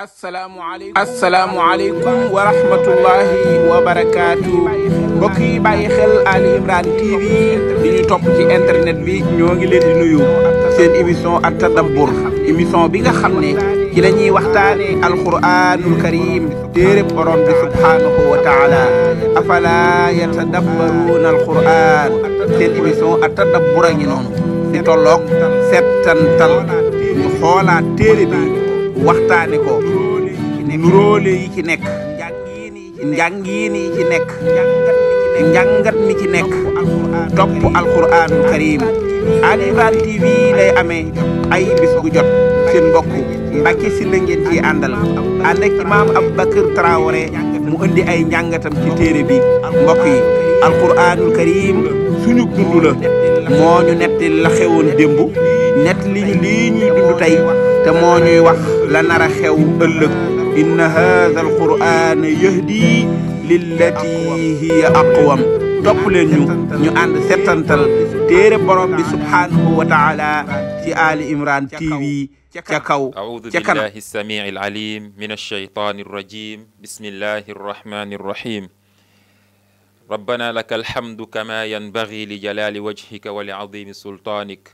asalaamualeykum asalaamualeykum wa rahmatullahi wa barakaatu mbokk yi bàyyi xel Ali Imran TV di ñu topp ci internet bi ñoo ngi leen di nuyu seen émission at tadabbur émission bi nga xam ne ci la ñuy waxtaane alquranul karim téereb borom bi subhaanahu wa taala afala yatadabbaruuna alquran seen émission at tadabbur a ngi noonu di tolloog settantal ñu xoolaat téere bi waxtaane ko nuróole yi ci nekk njàngiin yi ci nekk njàngat mi ci nekk topp alquraanul karim Ali Imran TV lay ay bis gu jot seen mbokk Mbacke Sylla ngeen ciy àndal ànd ak imaam Aboubacar Traoré mu indi ay njàngatam ci téere bi mbokk yi alquraanul karim suñu dund moo ñu nettali la xewoon démb nett li lii ñuy dund tey te moo ñuy wax la nar a xew ëllëg inna haada alquraan yahdi lillati hiya aqwam topp leen ñu ñu ànd settantal téere borom bi subhaanahu wa taala ci Ali Imran TV ca kaw ca kanam audu billahi samii alalim min alshaytani arrajim bismillahi arrahmani arrahim rabbana laka alhamdu kama yanbagi li jalali wajhika wa li azimi sultanik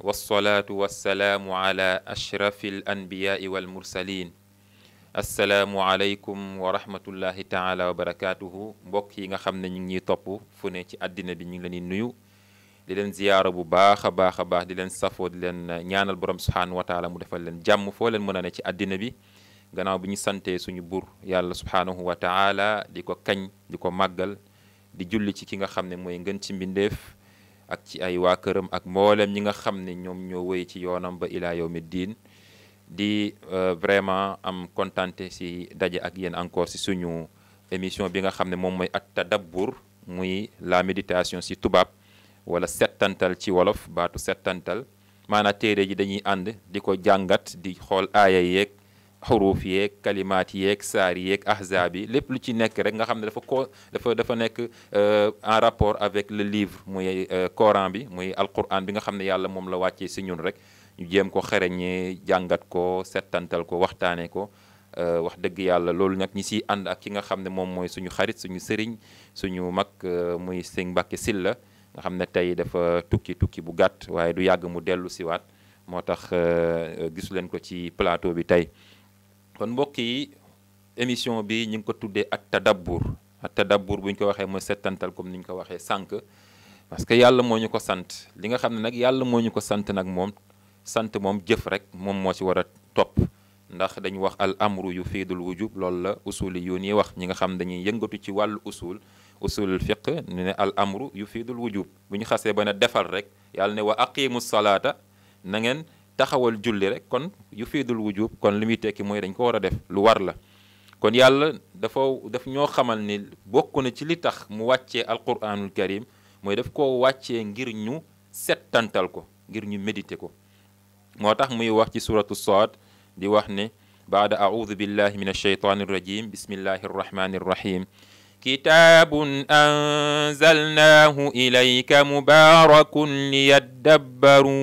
wasalaatu wasalaamu ala ashrafi al anbiyaai walmursalin asalaamu aleykum wa rahmatullahi taala wa barakatuhu mbokk yi nga xam ne ñu ngi ñuy topp fu ne ci àddina bi ñu la leen nuyu di leen ziyaara bu baax a baax a baax di leen safoo di leen ñaanal borom subhaanahu wa taala mu defal leen jàmm foo leen mën a ne ci àddina bi bu bi ñu santee suñu buur yàlla subhaanahu wa taala di ko kañ di ko màggal di julli ci ki nga xam ne mooy ngën ci mbindeef ak ci ay waa këram ak mboolem ñi nga xam ne ñoom ñoo wéy ci yoonam ba ilaa yawmi diin di euh, vraiment am kontante si daje ak yéen encore si suñu émission bi nga xam ne moom mooy at tadabbur muy la méditation si tubaab wala settantal ci wolof baatu settantal maanaam téere ji dañuy ànd di ko jàngat di xool aaya yeeg xuruuf yeeg kalimaat yeeg saar yeeg ahzaab yi lépp lu ci nekk rek nga xam ne dafa ko dafa dafa nekk euh, en rapport avec le livre muy euh, Coran bi muy alquran bi nga xam ne yàlla moom la wàccee si ñun rek ñu jéem ko xereñee jàngat ko setantal ko waxtaanee ko euh, wax dëgg yàlla loolu nag ñi siy ànd ak ki nga xam ne moom mooy suñu xarit suñu sëriñ suñu mag muy sëñ Mbàkke silla nga xam ne tey dafa tukki tukki bu gàtt waaye du yàgg mu dellu siwaat moo tax gisu leen ko ci plateau bi tey kon mbokk yi émission bi ñu ngi ko tuddee ak tadabbur ak tadabbur bu ñu ko waxee mooy settantal comme ni ñu ko waxee sànq parce que yàlla moo ñu ko sant li nga xam ne nag yàlla moo ñu ko sant nag moom sant moom jëf rek moom moo ci war a topp ndax dañu wax al amru yu fiidul wujub loolu la usul yu nii wax ñi nga xam dañuy yëngatu ci wàllu usul usulul fiq ñu ne al amru yu fiidul wujub bu ñu xasee ba ne defal rek yàlla ne wa aqimu salaata na taxawal julli rek kon yu fiidul wujub kon li muy tekki mooy dañ ko war a lu war la kon yàlla dafa daf ñoo xamal ni bokk na ci li tax mu wàccee alquranul karim mooy daf ko wàccee ngir ñu settantal ko ngir ñu méditer ko moo tax muy wax ci suratu Saad di wax ne baada audu billahi min alsheytan irrajim bismillahi arrahmani irrahim kitaabun anzalnaahu ilayka mubarakun liyaddabbaru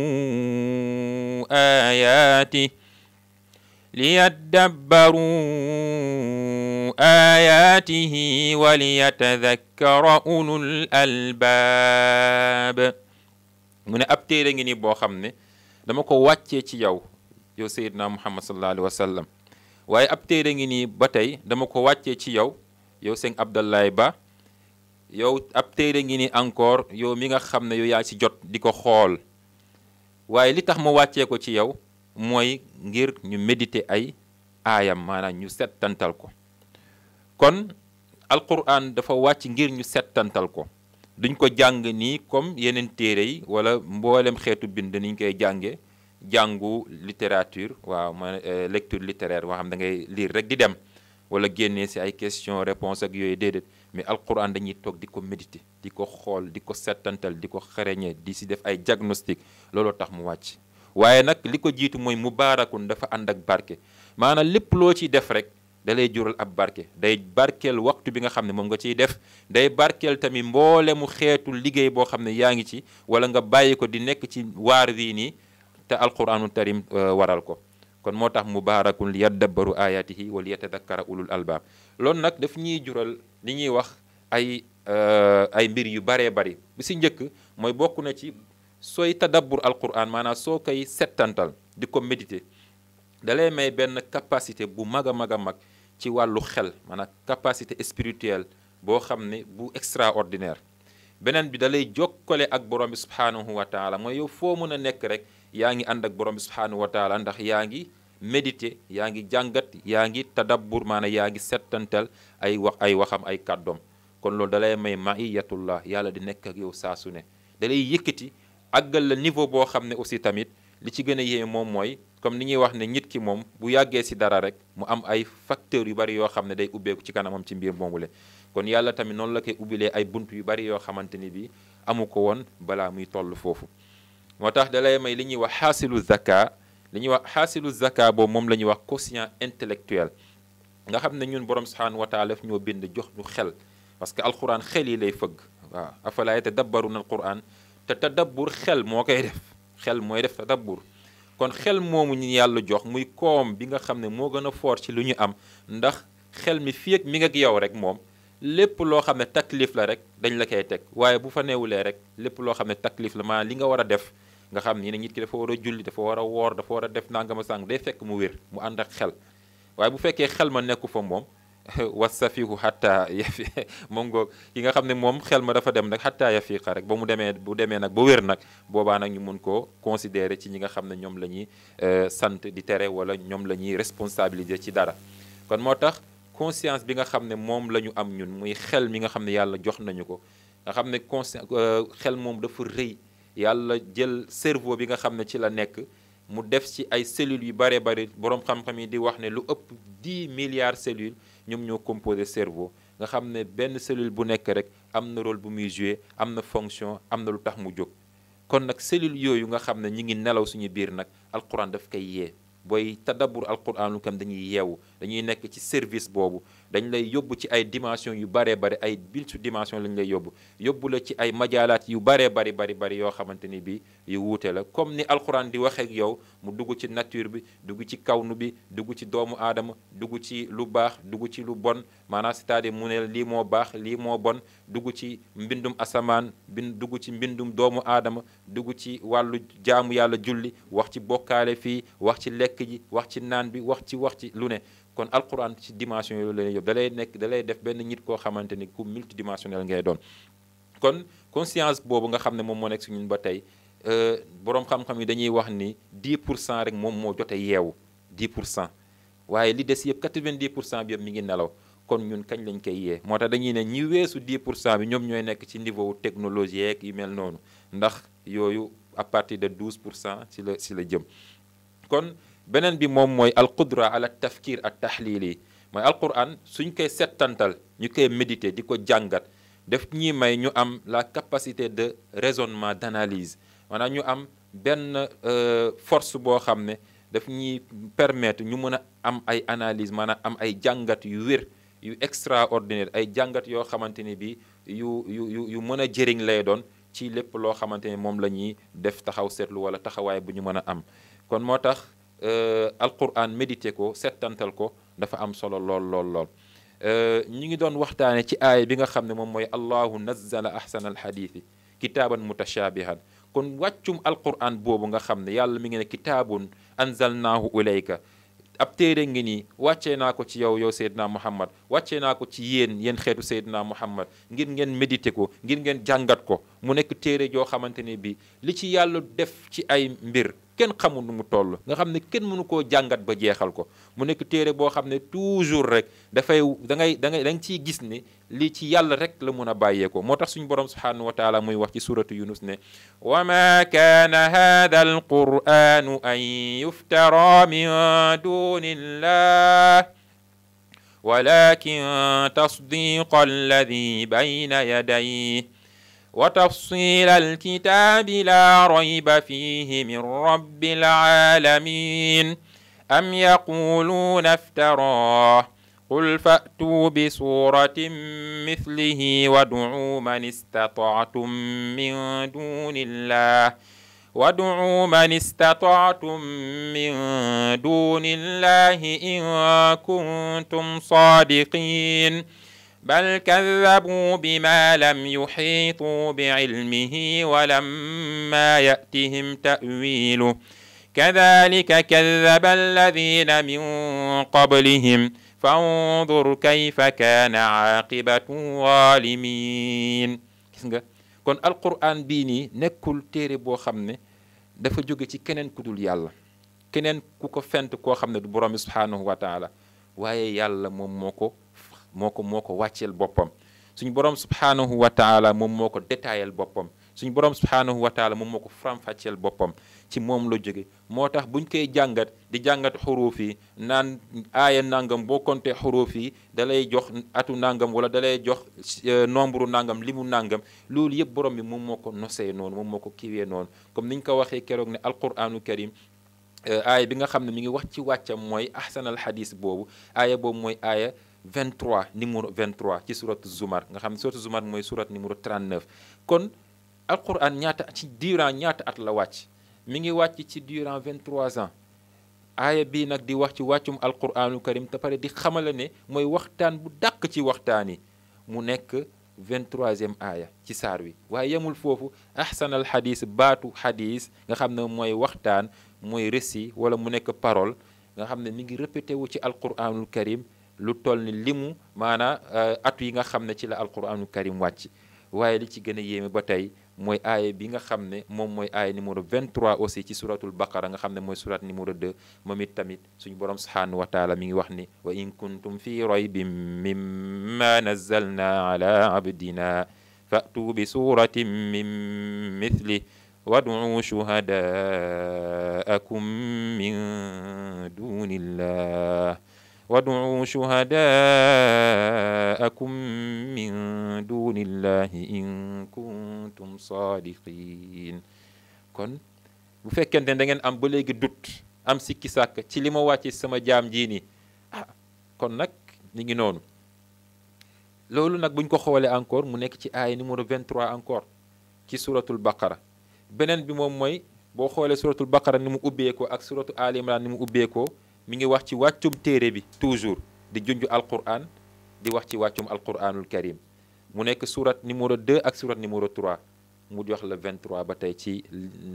آياته ليدبروا آياته وليتذكر أولو الألباب mu ne ab téere ngi nii boo xam ne dama ko wàccee ci yow yow Seydina Muhammad sallallahu alayhi wa sallam waaye ab téere ngi ba tey dama ko wàccee ci yow yow sëñ Abdoulaye Ba yow ab téere ngi nii encore yow mi nga xam ne yow yaa ci jot di ko xool waaye li tax mu wàccee ko ci yow mooy ngir ñu médite ay aayam maanaam ñu settantal ko kon alquran dafa wàcc ngir ñu settantal ko duñ ko jàng nii comme yeneen téere yi wala mboolem xeetu bind niñ koy jànge jàngu littérature waaw ma euh, lecture littéraire boo xam da ngay lire rek di dem wala génne si ay question réponse ak yooyu déedéet mais alquran dañuy toog di ko méditer di ko xool di ko settantal di ko xereñee di si def ay diagnostic looloo tax mu wàcc waaye nag li ko jiitu mooy mubaarakun dafa ànd ak barke maanaam lépp loo ciy def rek da lay jural ab barke day barkeel waxtu bi nga xam ne moom nga ciy def day barkeel tamit mboole mu xeetu liggéey boo xam ne yaa ngi ci wala nga bàyyi ko di nekk ci waar wii nii te alquranul karim euh, waral ko kon moo tax mubaarakun li yadabbaru ayatihi wa li yatadakkara ulul albaab loolu li ñuy wax ay euh, ay mbir yu baree bari bi si njëkk mooy bokk na ci sooy tadabbur alquran maanaam soo koy settantal di ko médité da lay may benn capacité bu mag a mag a mag ci wàllu xel maanaam capacité spirituelle boo xam ne bu extraordinaire beneen bi dalay lay jokkale ak borom bi subhaanahu wa taala mooy yow foo mën a nekk rek yaa ngi ànd ak borom bi subhaanahu wa ndax yaa ngi méditer yaa ngi jàngat yaa ngi tadabbur maanaam yaa ngi settantal ay wax ay waxam ay kàddoom kon loolu dalay may maiyatullah yàlla di nekk ak yow saa su ne dalay yëkkati àggal la niveau boo xam ne aussi tamit li ci gën a yéeme moom mooy comme ni ñuy wax ne nit ki moom bu yàggee si dara rek mu am ay facteurs yu bari yoo xam ne day ubbeeku ci kanamam ci mbir moomule kon yàlla tamit noonu la koy ubbilee ay bunt yu bari yoo xamante ni bi amu ko woon balaa muy toll foofu tax dalay may li ñuy wax xaasilu zaka boobu moom la ñuy wax quotient intellectuel nga xam ne ñun borom subhaanahu wa lef ñoo bind jox ñu xel parce que alquran xel yi lay fëgg waaw na yatadabbaruna alquran te tadabbur xel moo koy def xel mooy def tadabbur kon xel moomu ñu yàlla jox muy koom bi nga xam ne moo gën a foor ci lu ñu am ndax xel mi fii ak mi nga yow rek moom lépp loo xam ne taklif la rek dañ la koy teg waaye bu fa neewulee rek lépp loo xam ne taklif la li nga war a def nga xam ni ne nit ki dafa war a julli dafa war a woor dafa war a def nangama sàng day fekk mu wér mu ànd ak xel waaye bu fekkee xel ma nekku fa moom wasafihu xatta yafi moom ngoog ki nga xam ne moom xel ma dafa dem nag xatta yafiqa rek ba mu demee bu demee nag ba wér nag boobaa nag ñu mun koo considérer ci ñi nga xam ne ñoom la ñuy euh, sant di tere wala ñoom la ñuy responsabiliser ci dara kon moo tax conscience bi nga xam ne moom la ñu am ñun muy xel mi nga xam ne yàlla jox nañu ko nga xam ne conscience euh, xel moom dafa rëy yàlla jël cerveau bi nga xam ne ci la nekk mu def ci ay cellules yu bare bari boroom xam-xam yi di wax ne lu ëpp 10 milliards cellules ñoom ñoo composé cerveau nga xam ne benn cellule bu nekk rek am na rôle bu muy joué am na fonction am na lu tax mu jóg kon nag cellule yooyu nga xam ne ñu ngi nelaw suñu biir nag alquran daf koy yee booy tadabur alquran lu kam dañuy yeewu dañuy nekk ci service boobu dañ lay yóbbu ci ay dimension yu baree bari ay bilsu dimension lañ lay yóbbu yóbbu la ci ay majaalaat yu baree bari bari bari yoo xamante ni bi yu wuute la comme ni alxuraan di waxee yow mu dugg ci nature bi dugg ci kaw nu bi dugg ci doomu aadama dugg ci lu baax dugg ci lu bon maanaam cest à mu ne lii moo baax lii moo bon dugg ci mbindum asamaan bin dugg ci mbindum doomu aadama dugg ci wàllu jaamu yàlla julli wax ci bokkaale fii wax ci lekk ji wax ci naan bi wax ci wax ci lu ne kon alquran ci dimension yooyu la lay yóbbu nekk dalay def benn nit koo xamante ni ku multidimensionnel ngay doon kon conscience boobu nga xam ne moom moo nekk si ñun ba tey euh, boroom xam-xam yi dañuy wax ni 10 pour cent rek moom moo jote yeewu 10 pour cent waaye li des yëpp 90 pour cent bi yëpp mi ngi nelaw kon ñun kañ lañ koy yee moo tax dañuy ne ñi weesu 10 pour cent bi ñoom ñooy nekk ci niveau technologie yeeg yu mel noonu ndax yooyu à partir de 12 pour cent si la si la jëm kon beneen bi moom mooy alqudra ala tafkir ak taxliil yi mooy alquran suñ koy settantal ñu koy médité di ko jàngat def ñuy may ñu am la capacité de raisonnement d' analyse maanaam ñu am benn euh, force boo xam ne daf ñuy permettre ñu mën a am ay analyse maanaam am ay jàngat yu wér yu extraordinaire ay jàngat yoo xamante ni bi yu yu yu yu mën a jëriñ lay doon ci lépp loo xamante ni moom la ñuy def taxaw seetlu wala taxawaay bu ñu mën a am kon moo tax Euh, alquran médité ko settantal ko dafa am solo lool lool lool euh, ñi ngi doon waxtaane ci aaya bi nga xam ne moom mooy allahu nazzala ahsana alhadithi kitaaban mutashaabihan kon wàccum alquran boobu nga xam ne yàlla mi ngi ne kitaabun anzalnaahu ilayka ab téere ngi nii wàccee naa ko ci yow yow Seydina Muhammad wàccee naa ko ci yéen yéen xeetu Seydina Muhammad ngir ngeen médité ko ngir ngeen jàngat ko mu nekk téere joo xamante ne bi li ci yàlla def ci ay mbir kenn xamul nu mu toll nga xam ne kenn mënu koo jàngat ba jeexal ko mu nekk téere boo xam ne toujours rek dafay da ngay da ngay da nga ciy gis ne lii ci yàlla rek la mun a bàyyeekoo moo tax suñu borom subhanahu wa taala muy wax ci suratu yunus ne wa ma kaana hada al quranu an yuftara min dunillah walakin tasdiqa alladi bayna yadayh وتفصيل الكتاب لا ريب فيه من رب العالمين أم يقولون افتراه قل فأتوا بسورة مثله وادعوا من استطعتم من دون الله وادعوا من استطعتم من دون الله إن كنتم صادقين بل كذبوا بما لم يحيطوا بعلمه ولما يأتهم تأويله كذلك كذب الذين من قبلهم فانظر كيف كان عاقبة الظالمين gis nga kon alquran bii nii nekkul téere boo xam ne dafa jóge ci keneen ku dul yàlla keneen ku ko fent koo xam ne du borom bi subhaanahu wa taala waaye yàlla moom moo ko moo ko moo ko wàcceel boppam suñu borom subhaanahu wa taala moom moo ko détaayal boppam suñu borom subhaanahu wa taala moom moo ko faram-fàcceel boppam ci moom la jóge moo tax buñ koy jàngat di jàngat xuruuf yi naan aaya nangam boo compté xuruuf yi da lay jox atu nangam wala da lay jox euh, nombre nangam limu nangam loolu yëpp borom mi moom moo ko nosee noonu moom moo ko kiwee noonu comme niñ ko waxee keroog ne alquranu karim euh, aaya bi nga xam ne mi ngi wax ci wàccam mooy ahsanal xadis boobu aaya boobu mooy aaya 23 numéro 23 ci suratu Zumar nga xam ne suratu Zumar mooy surat numéro 39 kon alquran at ci durant ñaata at la wàcc mi ngi wàcc ci durant 23 ans aaya bii nag di wax ci wàccum alquranul karim te pare di xamale ne mooy waxtaan bu dàq ci waxtaan yi mu nekk 23e aaya ci saar wi waaye yemul foofu ahsanal xadis baatu xadiis nga xam ne mooy waxtaan mooy récit wala mu nekk parole nga xam ne mi ngi répété wu ci alquranul karim lu toll ni limu maanaa euh, at yi nga xam ne ci la alquraanul karim wàcc waaye li ci gën a yéeme ba tey mooy aaya bi nga xam ne moom mooy aaya numéro 23 aussi ci suratul baqara nga xam ne mooy surat numéro de moom it tamit suñu borom subhanahu wa taala mi ngi wax ni wa in kuntum fi raybin mimma nazzalna ala abdina fa'tu bi suratin min mithli wad'u shuhadaakum min dunillah وادعوا شهداءكم من دون الله in kuntum saadiqin kon bu fekkente ne da am ba léegi dut am sikki sàkk ci li ma wàcce sama jaam jii nii ah kon nag ñu ngi noonu loolu nag buñ ko xoolee encore mu nekk ci aaya numéro 23 encore ci suratul baqara beneen bi moom mooy boo xoolee suratul baqara ni mu ubbeekoo ak suratu ali ni mu ubbeekoo mi ngi wax ci wàccum téere bi toujours di junj alquran di wax ci wàccum alquranul karim mu nekk surat numéro deux ak surat numéro 3 mu jox la 23 ba tey ci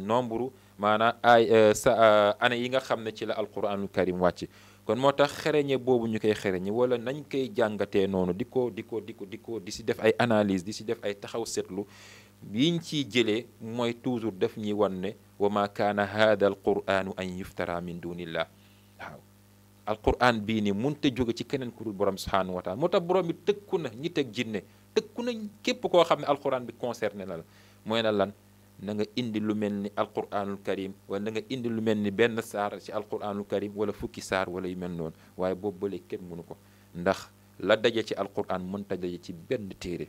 nombre maanaam ay euh, sa euh, année yi nga xam ne ci la alquranul karim wàcc kon moo tax xereñe boobu ñu koy xereñe wala nañ koy jàngatee noonu di ko di ko di ko di ko di si def ay analyse di si def ay taxaw seetlu yiñ ci jëlee mooy toujours def ñuy wan ne wa ma kaana hada alquranu an yuftara min dunillah waaw alquran bii ni mënta jóge ci keneen ku dul borom subhaanahu wa moo tax borom bi tëkku na ñi teg jinne tëkku na képp koo xam ne alquran bi concerné na la lan na nga indi lu mel ni alquranul karim wala na indi lu mel ni benn saar ci alquranul karim wala fukki saar wala yu mel noonu waaye boobu balee kenn mënu ko ndax la daje ci alquran mënta daje ci benn téere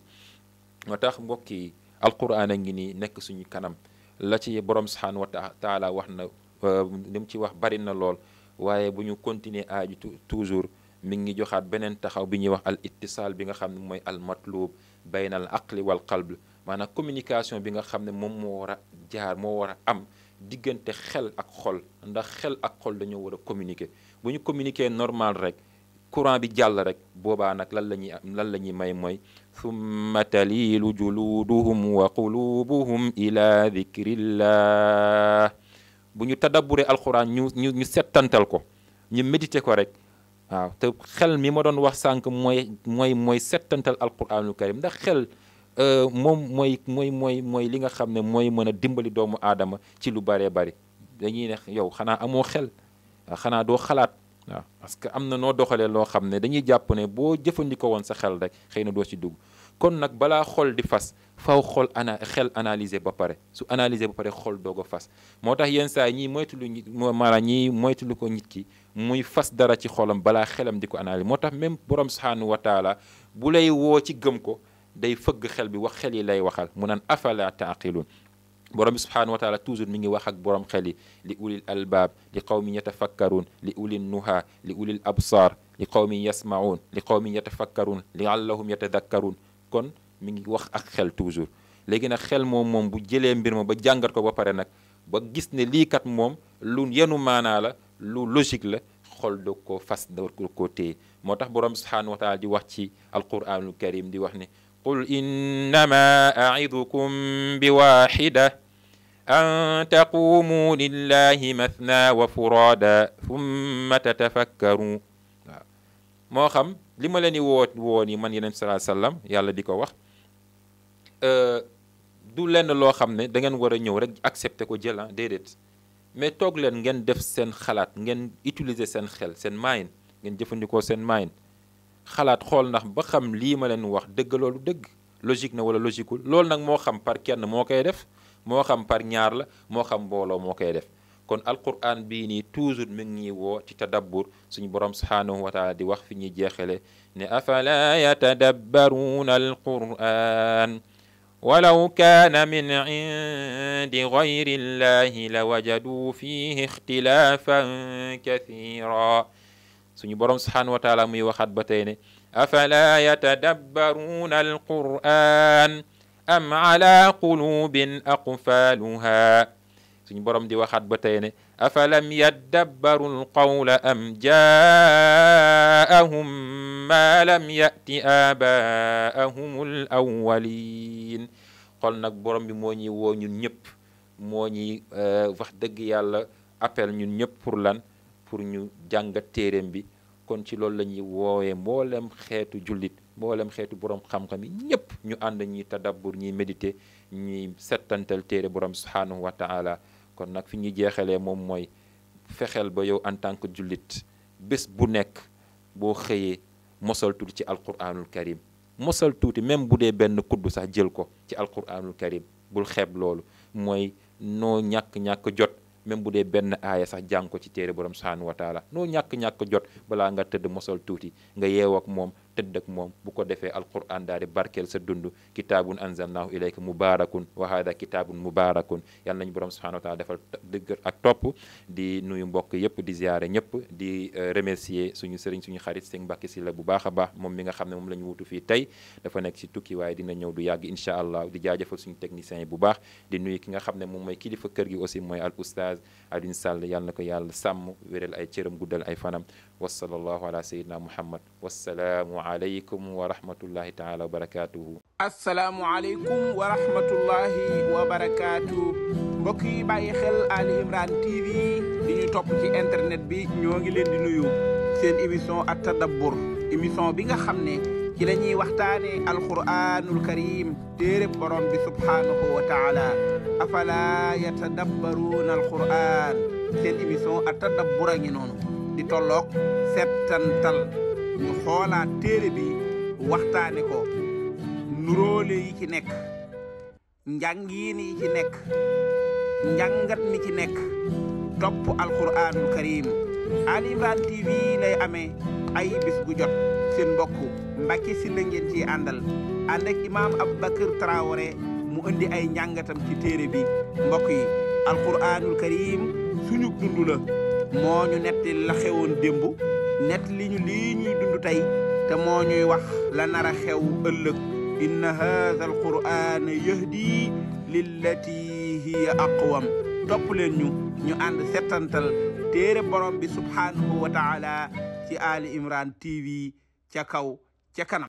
moo tax mbokk yi alquran a nekk suñu kanam la ci borom subhaanahu wa taala wax na euh, li mu ci wax bari na lool waaye bu ñu continuer aaju toujours mi ngi joxaat beneen taxaw bi ñuy wax al ittisaal bi nga xam ne mooy al matlub bayn al aqli wal qalb maanaam communication bi nga xam ne moom moo war a jaar moo war a am diggante xel ak xol ndax xel ak xol dañoo war a communiquer bu ñu communiquer normal rek courant bi jàll rek boobaa nag lan la ñuy lan la ñuy may mooy summa taliilu juluuduhum wa quluubuhum ila dikrillah bu ñu tadabure alxuraan ñu ñu ñu settantal ko ñu méditer ko rek waaw te xel mi ma doon wax sànq mooy mooy mooy settantal alxuraanul karim ndax xel euh, moom mooy mooy mooy mooy li nga xam ne mooy mën a dimbali doomu aadama ci lu bëree bari dañuy ne yow xanaa amoo xel xanaa doo xalaat waaw parce que am na noo doxalee loo xam ne dañuy jàpp ne boo jëfandikoo woon sa xel rek xëy na doo ci dugg kon nag balaa xol di fas faw xol ana xel analyser ba pare su analyser ba pare xol doog a fas moo tax yenn saa yi ñiy moytulu nit maanaam ñiy lu ko nit ki muy fas dara ci xolam balaa xelam di ko analyser moo tax même borom subhaanahu wataala bu lay woo ci gëm ko day fëgg xel bi wax xel yi lay waxal mu naan afala taaqiluun borom bi subhaanahu wa taala toujours mi ngi wax ak borom xel yi li uli albaab li qawmin yatafakkaruun li ulil nuha li ulil absaar li qawmin yasmauun li qawmin yatafakkaruun li allahum yatadakkaruun kon mi ngi wax ak xel toujours léegi nag xel moom moom bu jëlee mbir ma ba jàngat ko ba pare nag ba gis ne lii kat moom lu yenu maanaa la lu logique la xol dog ko fas doog koo téye moo tax borom subhaanahu wa taala di wax ci alquranul karim di wax ni qul innama aidukum bi waxida an taqumu lillahi mathna wa furada thumma tatafakkaru moo xam li ma leen di woo woo ni man yeneen salaa sallam yàlla di ko wax euh, du lenn loo xam ne da ngeen war a ñëw rek accepté ko jël ah déedéet mais toog leen ngeen def seen xalaat ngeen utiliser seen xel seen maayin ngeen jëfandikoo seen maayin xalaat xool ndax ba xam lii ma leen wax dëgg loolu dëgg logique na wala logiqueul loolu nag moo xam par kenn moo koy def moo xam par ñaar la moo xam mbooloo moo koy def kon alquran bii nii toujours mi ngi ñuy woo ci tadabbur suñu borom subhaanahu wa taala di wax fi ñuy jeexale ne afala yatadabbaruuna alquran walaw kaana min indi gayri illahi la wajaduu fihi ixtilaafan kathira suñu borom subhaanahu wa taala muy waxaat ba tey ne afala yatadabbaruuna alquran am ala qulubin aqfaaluha suñu borom di waxaat ba tey ne afalam yaddabbaru alqawla am jaahum ma lam yati abaahum al awwalin nag borom bi moo ñuy woo ñun ñëpp moo ñuy euh, wax dëgg yàlla appel ñun ñëpp pour lan pour ñu jàngat téeréem bi kon ci loolu la ñuy woowee mboolem xeetu jullit mboolem xeetu borom xam-xam yi ñëpp ñu ànd ñuy tadabbur ñuy méditer ñuy settantal téere borom subhanahu wa taala kon nag fi ñuy jeexalee moom mooy fexeel ba yow en tant que jullit bés bu nekk boo xëyee mosal tuuti ci alquranul karim mosal tuuti même bu dee benn kudd sax jël ko ci alquranul karim bul xeeb loolu mooy noo ñàkk-ñàkk jot même bu dee benn aaya sax jàng ko ci téere borom subhanahu wa taala noo ñàkk-ñàkk jot balaa nga tëdd mosal tuuti nga yeew ak moom tëdd ak moom bu ko defee alquran daal di barkeel sa dund kitaabun anzalnaahu ilayka mubaarakun wa haada kitaabun mubaarakun yàlla nañu borom subhanahu wa taala defal dëgg ak topp di nuyu mbokk yëpp di ziare ñëpp di euh, remercier suñu sëriñ suñu xarit Sëñ si la bu baax a baax moom mi nga xam ne moom la ñu wutu fii tey dafa nekk si tukki waaye dina ñëw du yàgg incha allah di jaajëfal suñu technicien yi bu baax di nuyu ki nga xam ne moom mooy kilifa kër gi aussi mooy al oustaz Alioune Sall na ko yàlla sàmm wéral ay cëram guddal ay fanam wasallallahu ala sayyidina muhammad wasalaamu aleykum wa rahmatullahi taala wa barakaatuhu asalaamu aleykum wa rahmatullahi wa barakaatu mbokk yi bàyyi xel Ali Imran TV di ñu topp ci internet bi ñoo ngi leen di nuyu seen émission at tadabbur émission bi nga xam ne ci la ñuy waxtaane alquranul karim téereb borom bi subhaanahu wa taala afala yatadabbaruuna alquran seen émission at tadabbur a ngi noonu di tollook settantal ñu xoolaat téere bi waxtaane ko nuróole yi ci nekk njàngiin yi ci nekk njàngat mi ci nekk topp alquraanul karim Ali Imran TV lay amee ay bis gu jot seen mbokk Mbacke Sylla ngeen ciy àndal ànd ak imaam Aboubacar mu indi ay njàngatam ci téere bi mbokk yi alquraanul karim suñu dund moo ñu netti la xewoon démb nett li ñu lii ñuy dund tey te moo ñuy wax la nara a xew ëllëg inna haada al quraan yahdi lillati hiya aqwam topp leen ñu ñu ànd settantal téere borom bi subhaanahu ci Ali Imran TV ca kaw ca kanam